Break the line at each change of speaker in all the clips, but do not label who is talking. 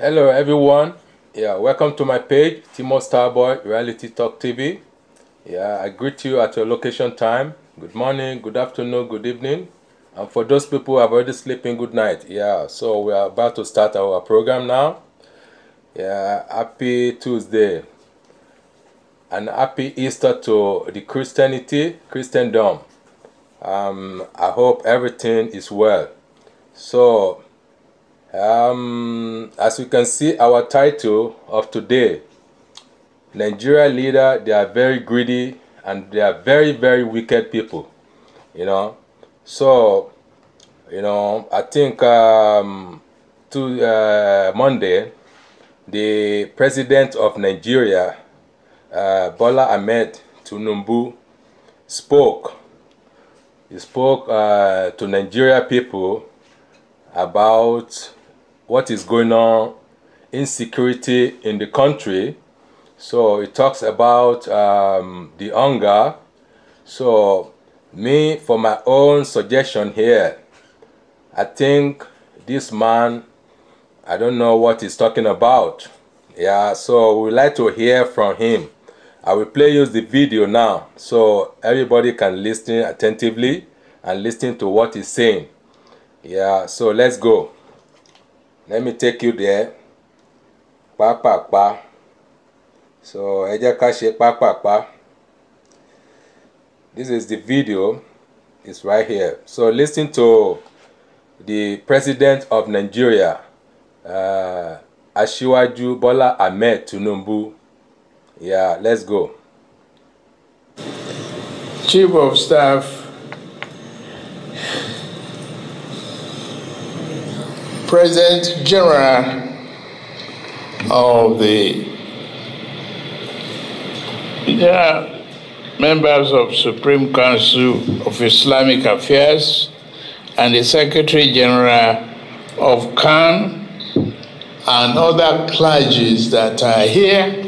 Hello everyone. Yeah, welcome to my page, Timo Starboy Reality Talk TV. Yeah, I greet you at your location time. Good morning, good afternoon, good evening. And for those people who have already sleeping, good night. Yeah, so we are about to start our program now. Yeah, happy Tuesday. And happy Easter to the Christianity, Christendom. Um, I hope everything is well. So um, as you can see, our title of today, Nigeria leader, they are very greedy and they are very, very wicked people, you know. So, you know, I think um, to uh, Monday, the president of Nigeria, uh, Bola Ahmed Tinubu, spoke. He spoke uh, to Nigeria people about what is going on, insecurity in the country. So it talks about um, the hunger. So me, for my own suggestion here, I think this man, I don't know what he's talking about. Yeah, so we'd like to hear from him. I will play you the video now so everybody can listen attentively and listen to what he's saying. Yeah, so let's go. let me take you there pápápá so ẹ jẹ́ ká ṣe pápápá this is the video it's right here so listen to the president of Nigeria uh, Aṣíwájú Bọ́lá Ahmed Tinubu yeah let's go. Chief of Staff
President General of the General Members of Supreme Council of Islamic Affairs and the Secretary General of Khan and other clergies that are here.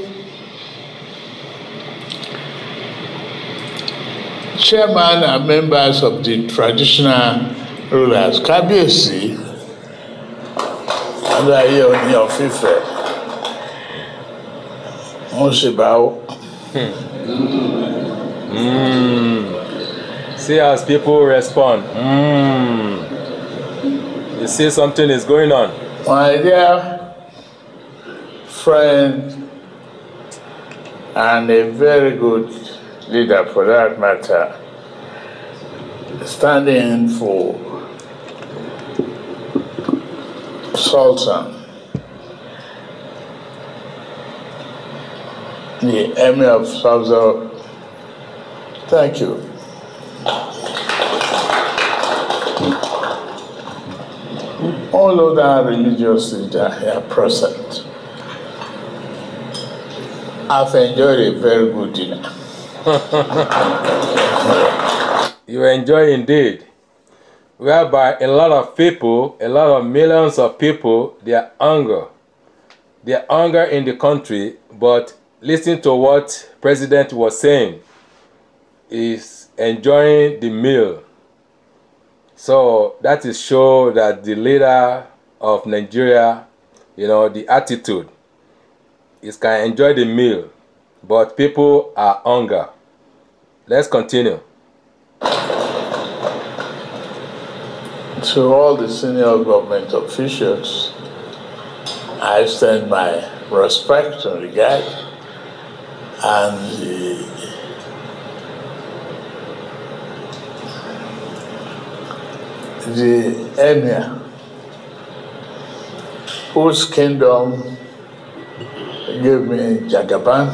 Chairman and members of the traditional rulers, Kabiyesi, ọlá ayé òní ọ̀fífẹ́ wọ́n sì bá
See as people respond. Mm. You see something is going on.
My dear friend and a very good leader for that matter, standing for Sultan, the Emir of Saudi Thank you. All other religious leaders here present. I've enjoyed a
very good dinner. you enjoy indeed whereby a lot of people, a lot of millions of people, their anger, their anger in the country, but listen to what president was saying, is enjoying the meal. So that is show that the leader of Nigeria, you know, the attitude is can enjoy the meal, but people are hunger. Let's continue. To all the senior government officials,
I extend my respect and regard and the the emir whose kingdom gave me Jagaban.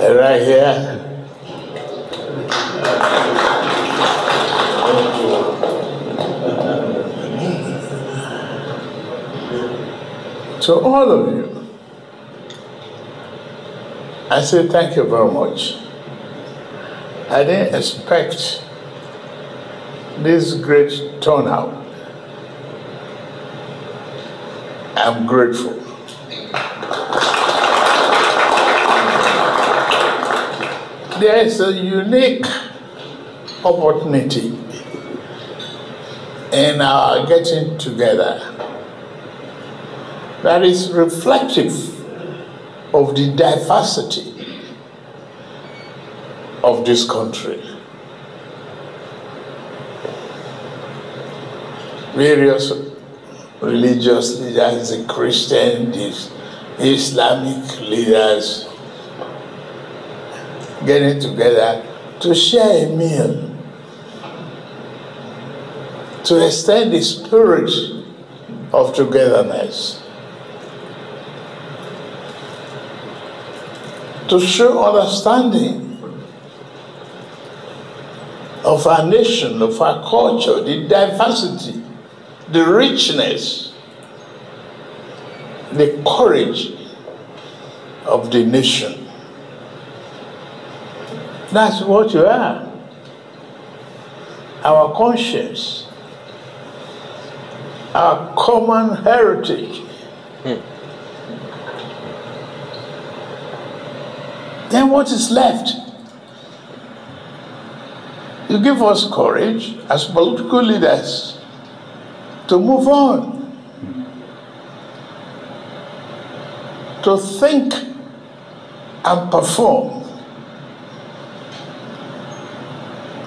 right here. to all of you. I say thank you very much. I didn't expect this great turnout. I'm grateful. There is a unique opportunity in our getting together that is reflective of the diversity of this country. Various religious leaders, the Christian, the Islamic leaders, getting together to share a meal, to extend the spirit of togetherness. to show understanding of our nation, of our culture, the diversity, the richness, the courage of the nation. That's what you are. Our conscience, our common heritage. Hmm. Then what is left? You give us courage as political leaders to move on, to think and perform,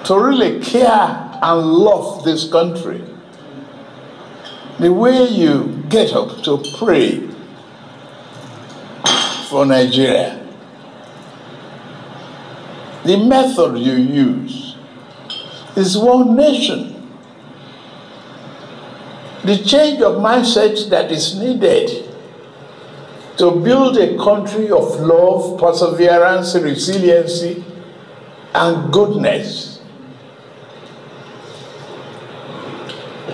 to really care and love this country. The way you get up to pray for Nigeria the method you use is one nation. The change of mindset that is needed to build a country of love, perseverance, resiliency, and goodness.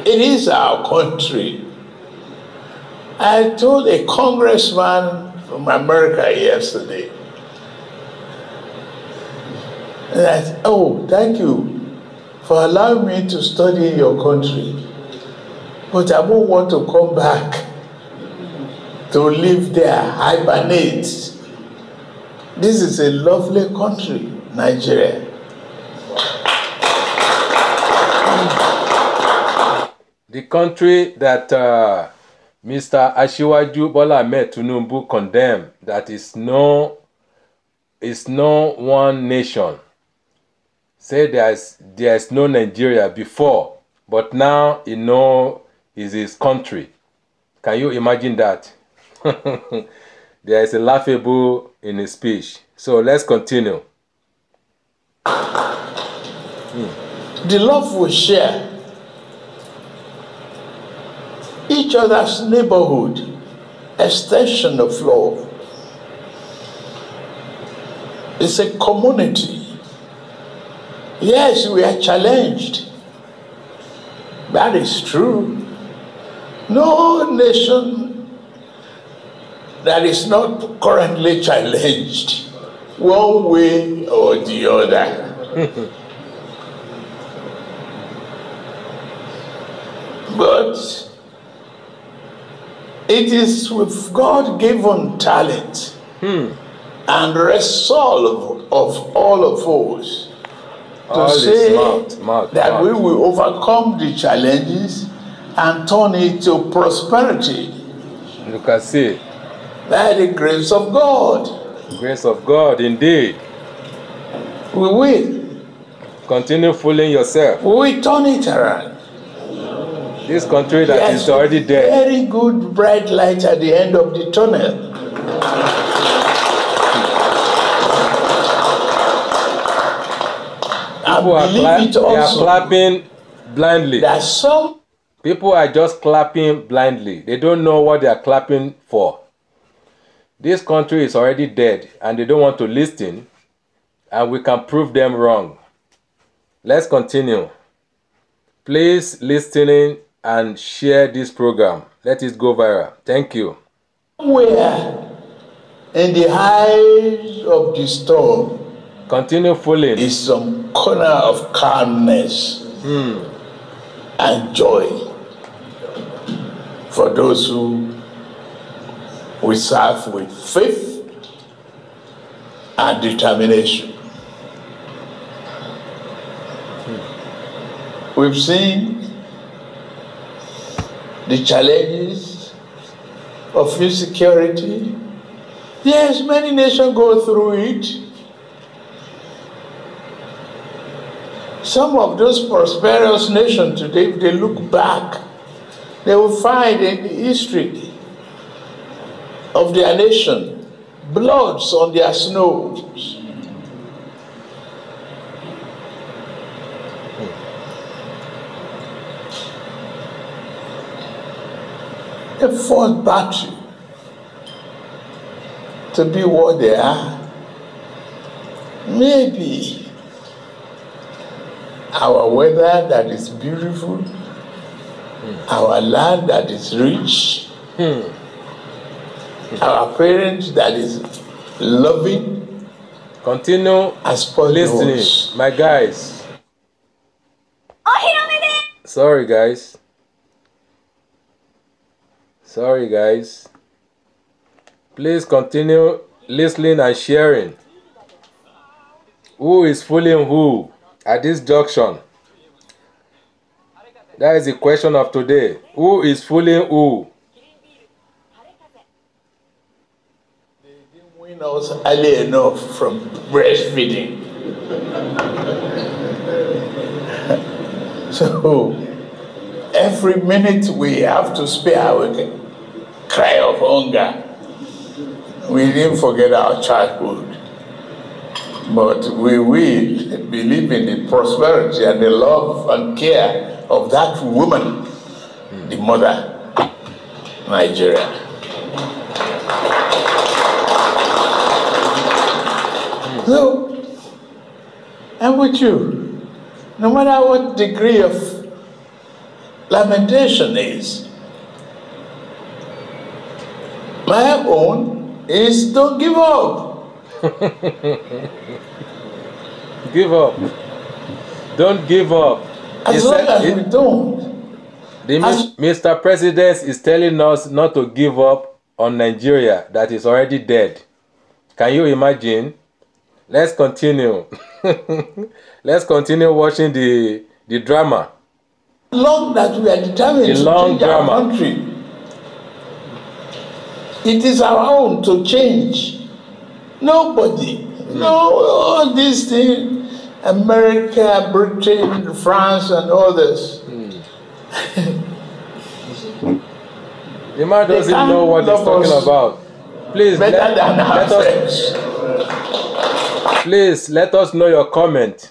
It is our country. I told a congressman from America yesterday And I said, Oh, thank you for allowing me to study in your country. But I won't want to come back to live there, hibernate. This is a lovely country, Nigeria.
The country that uh, Mr. Ashiwaju Bola Ahmed Tinubu condemned that is no, is no one nation. say there is, there is no Nigeria before, but now you know is his country. Can you imagine that? there is a laughable in his speech. So let's continue. Hmm.
The love we share, each other's neighborhood, extension of love, is a community Yes, we are challenged. That is true. No nation that is not currently challenged, one way or the other. but it is with God given talent hmm. and resolve of all of us to say that we will overcome the challenges and turn it to prosperity. You can see. By the
grace of God. Grace of God, indeed. We will. Continue fooling yourself. We turn it around. This country that yes, is already there.
Very good bright light at the end of the tunnel.
People are, clap, are clapping blindly. There are some people are just clapping blindly. They don't know what they are clapping for. This country is already dead and they don't want to listen, and we can prove them wrong. Let's continue. Please listening and share this program. Let it go viral. Thank you.
Somewhere in the height of the storm,
Continue falling. Is
some corner of calmness hmm. and joy for those who we serve with faith and determination. Hmm. We've seen the challenges of insecurity. Yes, many nations go through it. Some of those prosperous nations today, if they look back, they will find in the history of their nation bloods on their snows. They fought battle to be what they are. Maybe our weather that is beautiful, mm. our land that is rich, mm. our parents
that is loving. Continue as listening, my guys. Oh, Sorry, guys. Sorry, guys. Please continue listening and sharing. Who is fooling who? At this junction, that is the question of today. Who is fooling who?
They didn't win us early enough from breastfeeding. so, every minute we have to spare, we cry of hunger. We didn't forget our childhood. But we will believe in the prosperity and the love and care of that woman, the mother, Nigeria. So, I'm with you. No matter what degree of lamentation is, my own is don't give up.
give up. Don't give up.
As long well as
we don't. The as Mr. President is telling us not to give up on Nigeria that is already dead. Can you imagine? Let's continue. Let's continue watching the, the drama.
Long that we are determined the to long change drama. our country. It is our own to change. Nobody. No, all these things, America, Britain, France, and others.
the man doesn't know what he's talking about. Please let, let us, please let us know your comment.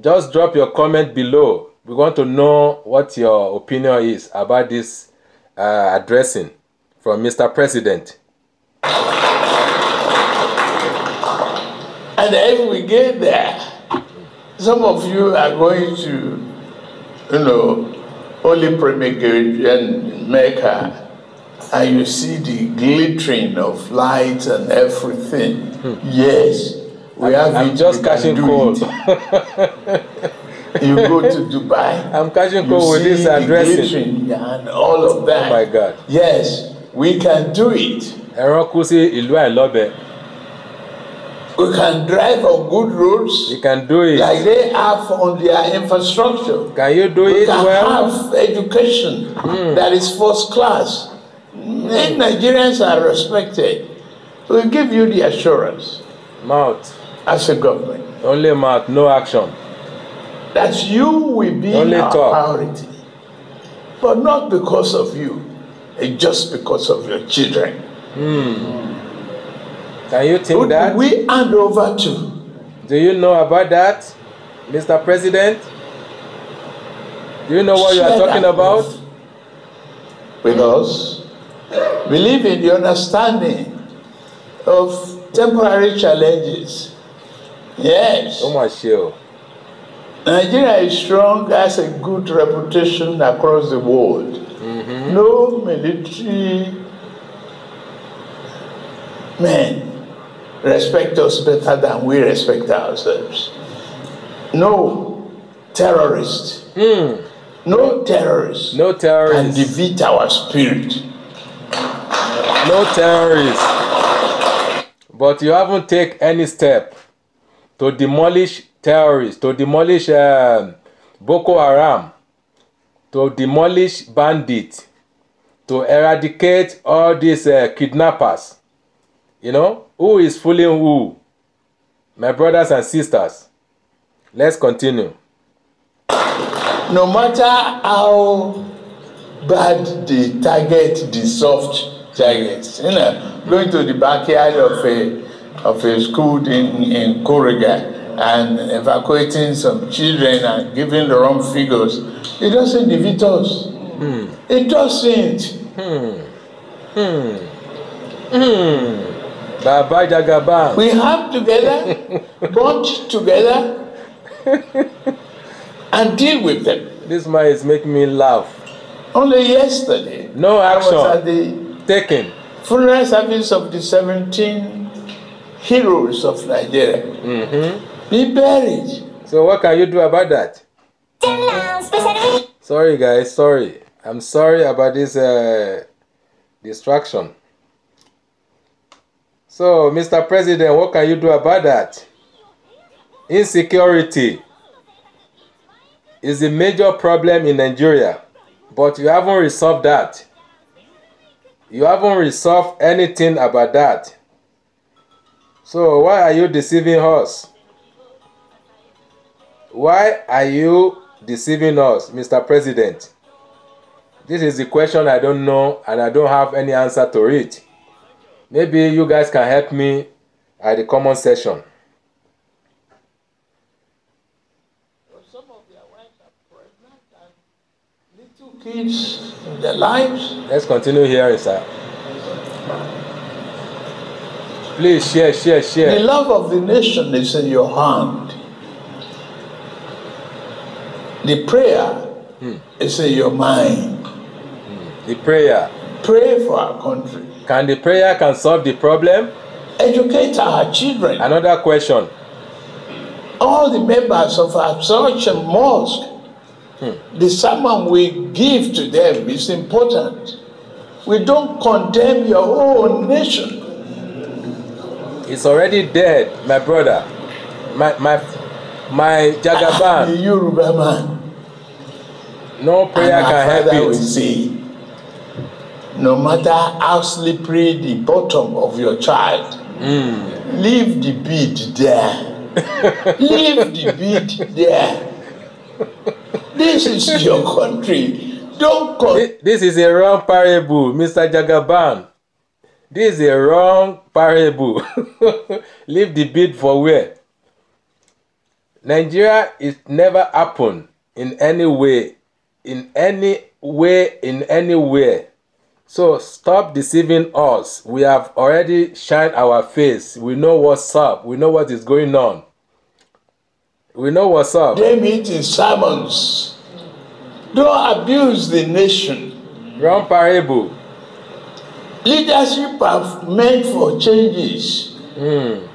Just drop your comment below. We want to know what your opinion is about this uh, addressing from Mr. President.
And if we get there, some of you are going to, you know, Holy Primigate and Mecca, and you see the glittering of lights and everything. Hmm. Yes, we I'm, have I'm it, just catching cold. you
go to Dubai. I'm catching cold with this addressing. And all of that. Oh my God. Yes, we can do it. Ẹran kú sí ìlú àìlọ́bẹ̀. We can drive on good roads. You can do it. Like they
have on their infrastructure.
Can you do we it can well? have
education mm. that is first class. And Nigerians are respected. We give you the assurance. Mouth. As a government. Only mouth, no action. That you will be Only our talk. priority. But not because of you, just because of your children.
Mm. Can you think Who that? we hand over to? Do you know about that, Mr. President? Do you know what you are talking about?
Because
we live in the understanding
of temporary challenges.
Yes. Oh my show.
Nigeria is strong, has a good reputation across the world. Mm -hmm. No military men respect us better than we respect ourselves. No terrorist, mm. no terrorist, no terrorist And
defeat our spirit. No terrorist. But you haven't taken any step to demolish terrorists, to demolish um, Boko Haram, to demolish bandits, to eradicate all these uh, kidnappers. You know, Who is fooling who? My brothers and sisters, let's continue.
No
matter how
bad the target, the soft target, you know, going to the backyard of a of a school in in Kuriga and evacuating some children and giving the wrong figures, it doesn't defeat us. Mm. It doesn't. Mm. Mm. Mm.
Baba We have together, bond together, and deal with them. This man is making me laugh. Only
yesterday, no action I was at the taken. Funeral service of the 17
heroes of Nigeria. Mm-hmm. Be buried. So what can you do about that? Sorry guys, sorry. I'm sorry about this uh, distraction. So, Mr. President, what can you do about that? Insecurity is a major problem in Nigeria, but you haven't resolved that. You haven't resolved anything about that. So, why are you deceiving us? Why are you deceiving us, Mr. President? This is the question I don't know and I don't have any answer to it. Maybe you guys can help me at the comment section.
little kids their lives. Let's
continue here, sir.
Please share, share, share. The love of the nation is in your hand.
The prayer hmm. is in your mind. Hmm. The prayer. Pray for our country. Can the prayer can solve the problem? Educate our children. Another question. All the members of
Absorption Mosque, hmm. the sermon we give to them is important. We don't condemn your own nation.
It's already dead, my brother. My my my Jagaban. Ah, the Yoruba man. No prayer and can help you. see.
no matter how slippery the bottom of your child,
mm.
leave the bead there. leave the bead there.
This is your country. Don't call. This, is a wrong parable, Mr. Jagaban. This is a wrong parable. leave the bead for where? Nigeria is never happen in any way, in any way, in anywhere So stop deceiving us. We have already shined our face. We know what's up. We know what is going on. We know what's up. David in Simons. Don't abuse the nation. Wrong parable. Leadership have made for changes. Mm.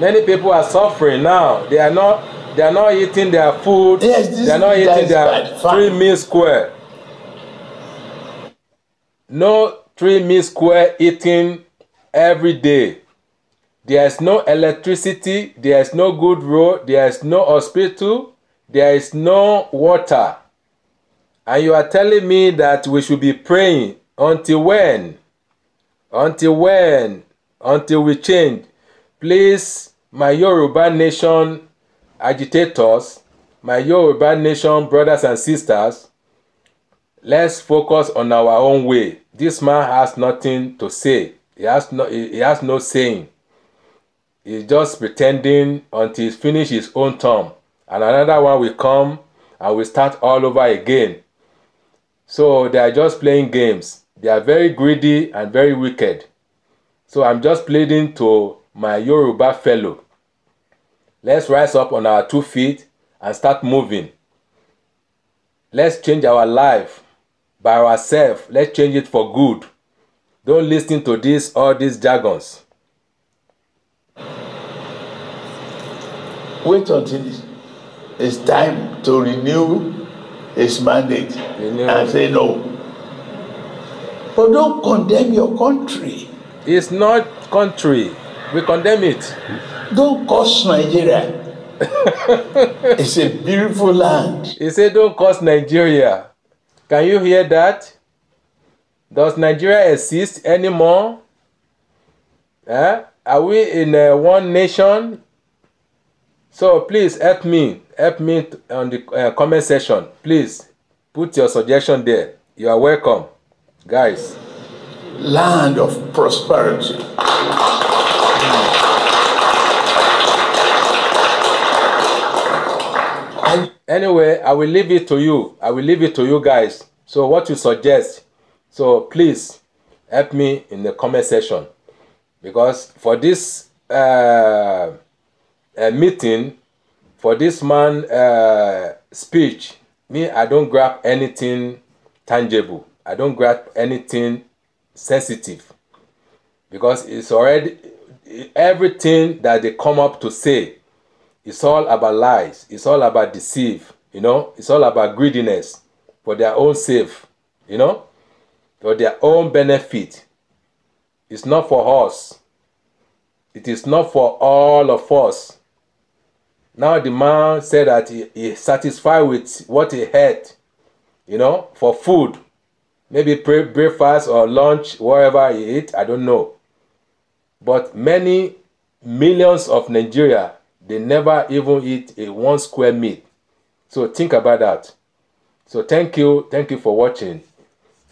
Many people are suffering now. They are not. They are not eating their food. Yes, this, they are not eating their three meals square. No three meal square eating every day. There is no electricity, there is no good road, there is no hospital, there is no water. And you are telling me that we should be praying until when? Until when? Until we change. Please, my Yoruba nation agitators, my Yoruba nation brothers and sisters, let's focus on our own way. This man has nothing to say. He has no, he, he has no saying. He's just pretending until he finishes his own term. And another one will come and we start all over again. So they are just playing games. They are very greedy and very wicked. So I'm just pleading to my Yoruba fellow. Let's rise up on our two feet and start moving. Let's change our life by ourselves let's change it for good don't listen to this all these jargons.
wait until it's time to renew his mandate renew. and say no but don't condemn your country.
it's not country we condemn it. don't curse nigeria. it's a beautiful land. he say don't curse nigeria. Can you hear that? Does Nigeria exist anymore? Eh? Are we in uh, one nation? So please help me. Help me on the uh, comment section. Please put your suggestion there. You are welcome, guys. Land of prosperity. Anyway, I will leave it to you. I will leave it to you guys. So what you suggest. So please help me in the comment section. Because for this uh, uh, meeting, for this man uh, speech, me, I don't grab anything tangible. I don't grab anything sensitive. Because it's already everything that they come up to say it's all about lies. It's all about deceive. You know, it's all about greediness for their own sake. You know, for their own benefit. It's not for us. It is not for all of us. Now the man said that he is satisfied with what he had, you know, for food. Maybe breakfast or lunch, whatever he ate, I don't know. But many millions of Nigeria they never even eat a one square meat. So think about that. So thank you. Thank you for watching.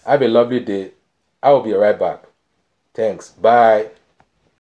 Have a lovely day. I will be right back. Thanks. Bye.